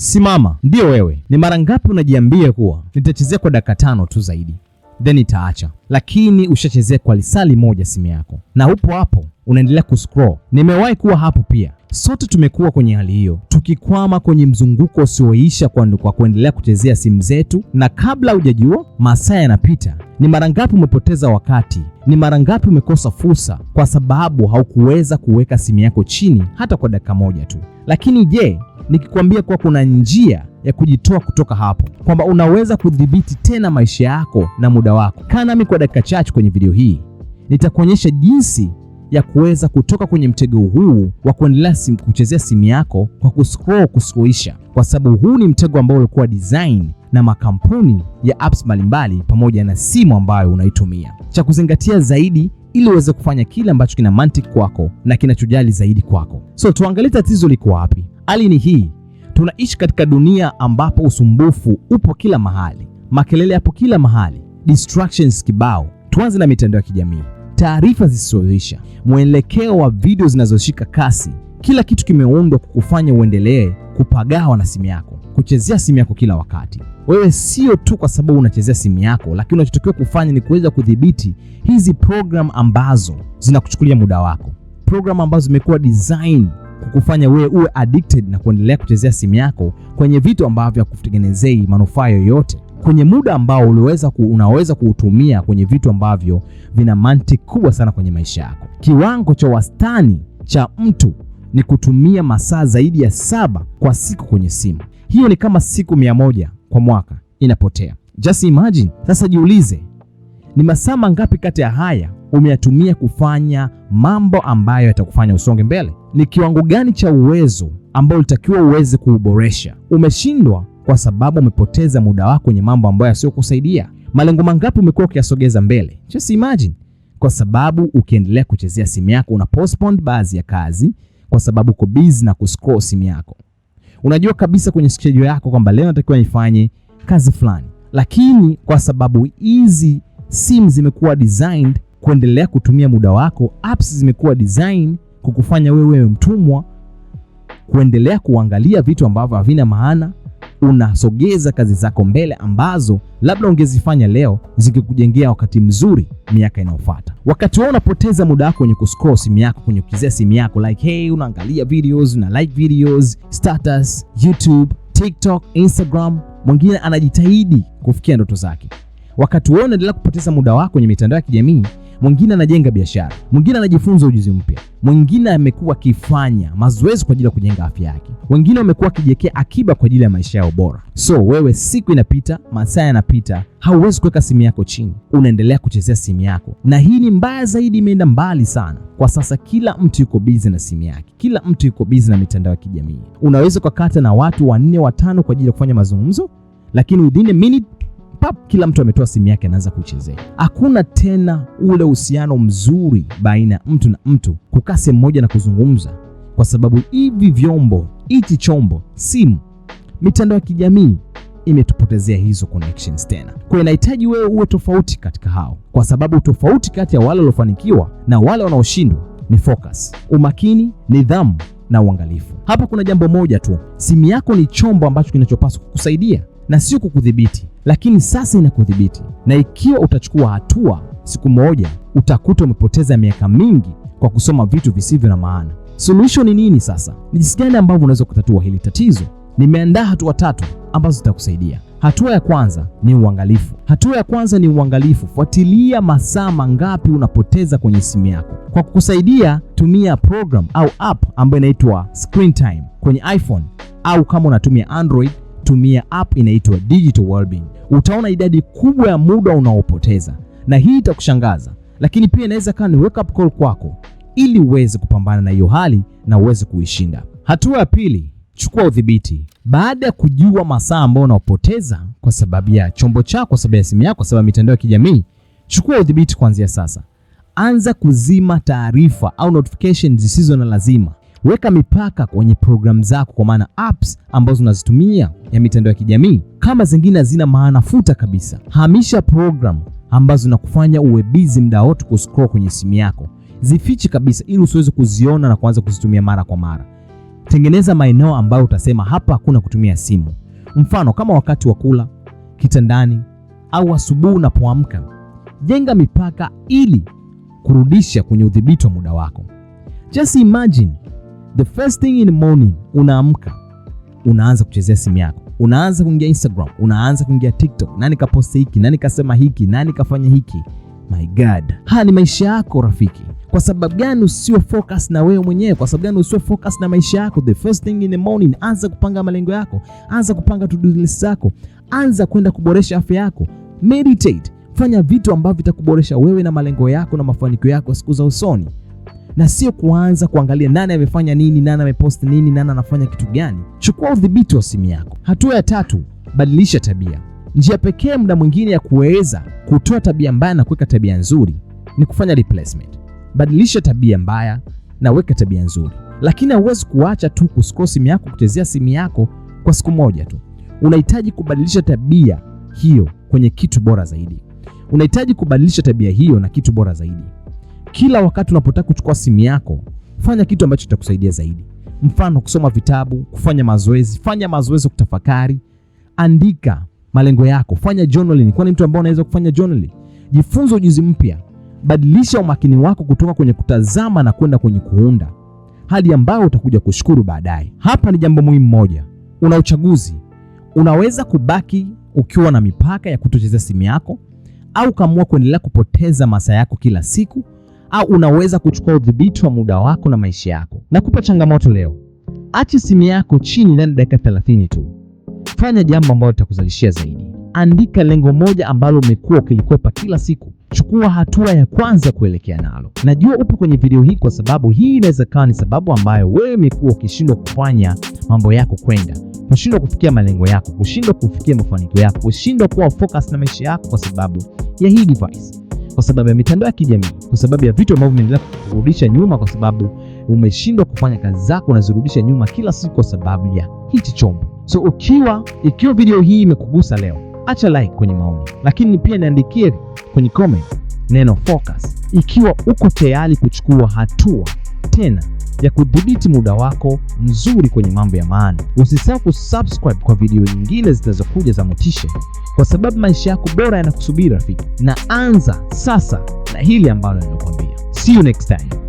Simama, ndio wewe. Ni mara ngapi unajiambia kuwa nitachezea kwa dakika tano tu zaidi then itaacha, lakini ushachezea kwa lisali moja simu yako na upo hapo unaendelea kuscroll. Nimewahi kuwa hapo pia. Sote tumekuwa kwenye hali hiyo, tukikwama kwenye mzunguko usioisha kwa kuendelea kuchezea simu zetu, na kabla hujajua masaa yanapita. Ni mara ngapi umepoteza wakati? Ni mara ngapi umekosa fursa kwa sababu haukuweza kuweka simu yako chini hata kwa dakika moja tu? Lakini je, nikikwambia kuwa kuna njia ya kujitoa kutoka hapo, kwamba unaweza kudhibiti tena maisha yako na muda wako. Kaa nami kwa dakika chache kwenye video hii, nitakuonyesha jinsi ya kuweza kutoka kwenye mtego huu wa kuendelea sim, kuchezea simu yako kwa kuscroll kuscrollisha, kwa sababu huu ni mtego ambao ulikuwa design na makampuni ya apps mbalimbali pamoja na simu ambayo unaitumia. Cha kuzingatia zaidi ili uweze kufanya kile ambacho kina mantiki kwako na kinachojali zaidi kwako. So tuangalie tatizo liko wapi. Hali ni hii, tunaishi katika dunia ambapo usumbufu upo kila mahali, makelele yapo kila mahali, distractions kibao. Tuanze na mitandao ya kijamii, taarifa zisizoisha, mwelekeo wa video zinazoshika kasi. Kila kitu kimeundwa kukufanya uendelee kupagawa na simu yako, kuchezea simu yako kila wakati. Wewe sio tu kwa sababu unachezea simu yako, lakini unachotakiwa kufanya ni kuweza kudhibiti hizi program ambazo zinakuchukulia muda wako, program ambazo zimekuwa design kukufanya wewe uwe addicted na kuendelea kuchezea simu yako kwenye vitu ambavyo hakutengenezei manufaa yoyote, kwenye muda ambao uliweza ku, unaweza kuutumia kwenye vitu ambavyo vina mantiki kubwa sana kwenye maisha yako. Kiwango cha wastani cha mtu ni kutumia masaa zaidi ya saba kwa siku kwenye simu. Hiyo ni kama siku mia moja kwa mwaka inapotea. Just imagine. Sasa jiulize, ni masaa mangapi kati ya haya umeyatumia kufanya mambo ambayo yatakufanya usonge mbele? Ni kiwango gani cha uwezo ambao ulitakiwa uweze kuuboresha umeshindwa kwa sababu umepoteza muda wako kwenye mambo ambayo yasiyokusaidia? Malengo mangapi umekuwa ukiyasogeza mbele? Just imagine, kwa sababu ukiendelea kuchezea simu yako una postpone baadhi ya kazi kwa sababu uko busy na kuscroll simu yako. Unajua kabisa kwenye schedule yako kwamba leo natakiwa nifanye kazi fulani, lakini kwa sababu hizi simu zimekuwa designed kuendelea kutumia muda wako. Apps zimekuwa design kukufanya wewe mtumwa, kuendelea kuangalia vitu ambavyo havina maana. Unasogeza kazi zako mbele ambazo labda ungezifanya leo zikikujengea wakati mzuri miaka inayofuata. Wakati wewe unapoteza muda wako kwenye kuscroll simu yako, kwenye kuchezea simu yako like hey, unaangalia videos na like videos, status, YouTube, TikTok, Instagram. Mwingine anajitahidi kufikia ndoto zake, wakati wewe unaendelea kupoteza muda wako kwenye mitandao ya kijamii mwingine anajenga biashara, mwingine anajifunza ujuzi mpya, mwingine amekuwa akifanya mazoezi kwa ajili ya kujenga afya yake, wengine wamekuwa wakijiwekea akiba kwa ajili ya maisha yao bora. So wewe, siku inapita, masaa yanapita, hauwezi kuweka simu yako chini, unaendelea kuchezea simu yako, na hii ni mbaya zaidi, imeenda mbali sana. Kwa sasa kila mtu yuko bizi na simu yake, kila mtu yuko bizi na mitandao ya kijamii. Unaweza ukakata na watu wanne watano kwa ajili ya kufanya mazungumzo, lakini within a minute pap, kila mtu ametoa simu yake anaanza kuchezea. Hakuna tena ule uhusiano mzuri baina ya mtu na mtu kukaa sehemu moja na kuzungumza, kwa sababu hivi vyombo, hichi chombo, simu, mitandao ya kijamii imetupotezea hizo connections tena. Kwa inahitaji wewe uwe tofauti katika hao, kwa sababu tofauti kati ya wale waliofanikiwa na wale wanaoshindwa ni focus, umakini, nidhamu na uangalifu. Hapa kuna jambo moja tu, simu yako ni chombo ambacho kinachopaswa kukusaidia, na sio kukudhibiti, lakini sasa inakudhibiti, na ikiwa utachukua hatua, siku moja utakuta umepoteza miaka mingi kwa kusoma vitu visivyo na maana. Suluhisho ni nini sasa? Ni jinsi gani ambavyo unaweza kutatua hili tatizo? Nimeandaa hatua tatu ambazo zitakusaidia. Hatua ya kwanza ni uangalifu. Hatua ya kwanza ni uangalifu. Fuatilia masaa mangapi unapoteza kwenye simu yako. Kwa kukusaidia, tumia program au app ambayo inaitwa Screen Time kwenye iPhone au kama unatumia Android tumia app inaitwa Digital Wellbeing. Utaona idadi kubwa ya muda unaopoteza, na hii itakushangaza, lakini pia inaweza kuwa ni wake up call kwako ili uweze kupambana na hiyo hali na uweze kuishinda. Hatua ya pili, chukua udhibiti. Baada ya kujua masaa ambayo unaopoteza kwa sababu ya chombo chako, kwa sababu ya simu yako, kwa sababu ya mitandao ya kijamii, chukua udhibiti kuanzia sasa. Anza kuzima taarifa au notification zisizo na lazima. Weka mipaka kwenye programu zako, kwa maana apps ambazo unazitumia ya mitandao ya kijamii. Kama zingine hazina maana, futa kabisa. Hamisha programu ambazo zinakufanya uwe busy muda wote kuscroll kwenye simu yako, zifiche kabisa, ili usiweze kuziona na kuanza kuzitumia mara kwa mara. Tengeneza maeneo ambayo utasema hapa hakuna kutumia simu, mfano kama wakati wa kula, kitandani, au asubuhi unapoamka. Jenga mipaka ili kurudisha kwenye udhibiti wa muda wako. Just imagine the first thing in the morning unaamka, unaanza kuchezea simu yako, unaanza kuingia Instagram, unaanza kuingia TikTok, nani kaposti hiki, nani kasema hiki, nani kafanya hiki. My God, haya ni maisha yako rafiki. Kwa sababu gani usio focus na wewe mwenyewe? Kwa sababu gani usio focus na maisha yako? The first thing in the morning, anza kupanga malengo yako, anza kupanga to do list zako, anza kwenda kuboresha afya yako, meditate, fanya vitu ambavyo vitakuboresha wewe na malengo yako na mafanikio yako siku za usoni na sio kuanza kuangalia nani amefanya nini, nani amepost nini, nani anafanya kitu gani. Chukua udhibiti wa simu yako. Hatua ya tatu, badilisha tabia. Njia pekee muda mwingine ya kuweza kutoa tabia mbaya na kuweka tabia nzuri ni kufanya replacement. Badilisha tabia mbaya na weka tabia nzuri, lakini hauwezi kuacha tu kuscore simu yako, kuchezea simu yako kwa siku moja tu. Unahitaji kubadilisha tabia hiyo kwenye kitu bora zaidi. Unahitaji kubadilisha tabia hiyo na kitu bora zaidi. Kila wakati unapotaka kuchukua simu yako, fanya kitu ambacho kitakusaidia zaidi. Mfano, kusoma vitabu, kufanya mazoezi. Fanya mazoezi, ya kutafakari, andika malengo yako, fanya journaling. Kwa nini mtu ambaye anaweza kufanya journaling, jifunze ujuzi mpya, badilisha umakini wako kutoka kwenye kutazama na kwenda kwenye kuunda, hali ambayo utakuja kushukuru baadaye. Hapa ni jambo muhimu moja, una uchaguzi. Unaweza kubaki ukiwa na mipaka ya kutochezea simu yako, au kaamua kuendelea kupoteza masaa yako kila siku au unaweza kuchukua udhibiti wa muda wako na maisha yako. Nakupa changamoto leo, acha simu yako chini ndani ya dakika 30 tu. Fanya jambo ambalo litakuzalishia zaidi. Andika lengo moja ambalo umekuwa ukilikwepa kila siku. Chukua hatua ya kwanza kuelekea nalo. Najua upo kwenye video hii kwa sababu hii inaweza kawa ni sababu ambayo wewe umekuwa ukishindwa kufanya mambo yako kwenda, kushindwa kufikia malengo yako, kushindwa kufikia mafanikio yako, kushindwa kuwa focus na maisha yako kwa sababu ya hii device kwa sababu ya mitandao ya kijamii, kwa sababu ya vitu ambavyo vimeendelea kurudisha nyuma, kwa sababu umeshindwa kufanya kazi zako, unazirudisha nyuma kila siku kwa sababu ya hichi chombo. So ukiwa ikiwa video hii imekugusa leo, acha like kwenye maoni, lakini pia niandikie kwenye comment neno focus, ikiwa uko tayari kuchukua hatua tena ya kudhibiti muda wako mzuri kwenye mambo ya maana. Usisahau kusubscribe kwa video nyingine zitazokuja za motisha, kwa sababu maisha yako bora yanakusubiri rafiki, na anza sasa na hili ambalo ninakuambia. See you next time.